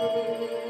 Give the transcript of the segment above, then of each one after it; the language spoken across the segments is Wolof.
Thank you.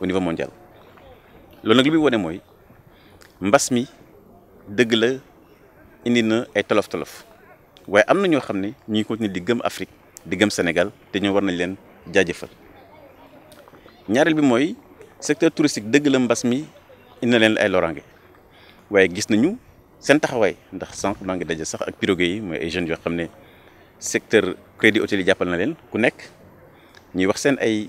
au niveau mondial loolu nag li muy wane mooy mbas mi dëgg la indi na ay tolof-tolof waaye am na ñoo xam ne ñu ngi continuer di gëm Afrique di gëm senegal te ñoo war nañ leen jaajëfal ñaareel bi mooy secteur touristique dëgg la mbas mi indi na leen ay loraange waaye gis nañu seen taxawaay ndax sànq maa ngi daje sax ak pirogue yi mooy ay jeunes yoo xam ne secteur crédit hôtelier jàppal na leen ku nekk ñuy wax seen ay.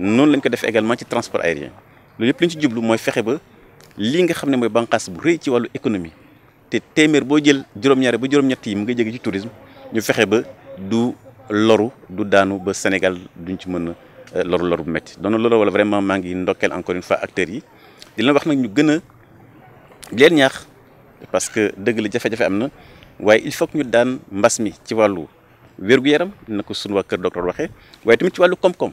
noonu lañ ko def également ci transport aérien loolu yëpp li ci jublu mooy fexe ba lii nga xam ne mooy bànqaas bu rëy ci wàllu économie te téeméer boo jël juróom-ñaari ba juróom-ñett yi mu ngi jóge ci tourisme ñu fexe ba du loru du daanu ba Sénégal duñ ci mën a euh, loru loru bu métti doon loolu wala vraiment maa ngi ndokkeel encore une fois acteurs yi di leen wax nag ñu gën a leen ñaax parce que dëgg la jafe-jafe am na waaye il faut que ñu daan mbas mi ci wàllu wér-gu-yaram na ko sunu waa kër docteur waxee waaye tamit ci wàllu koom-koom.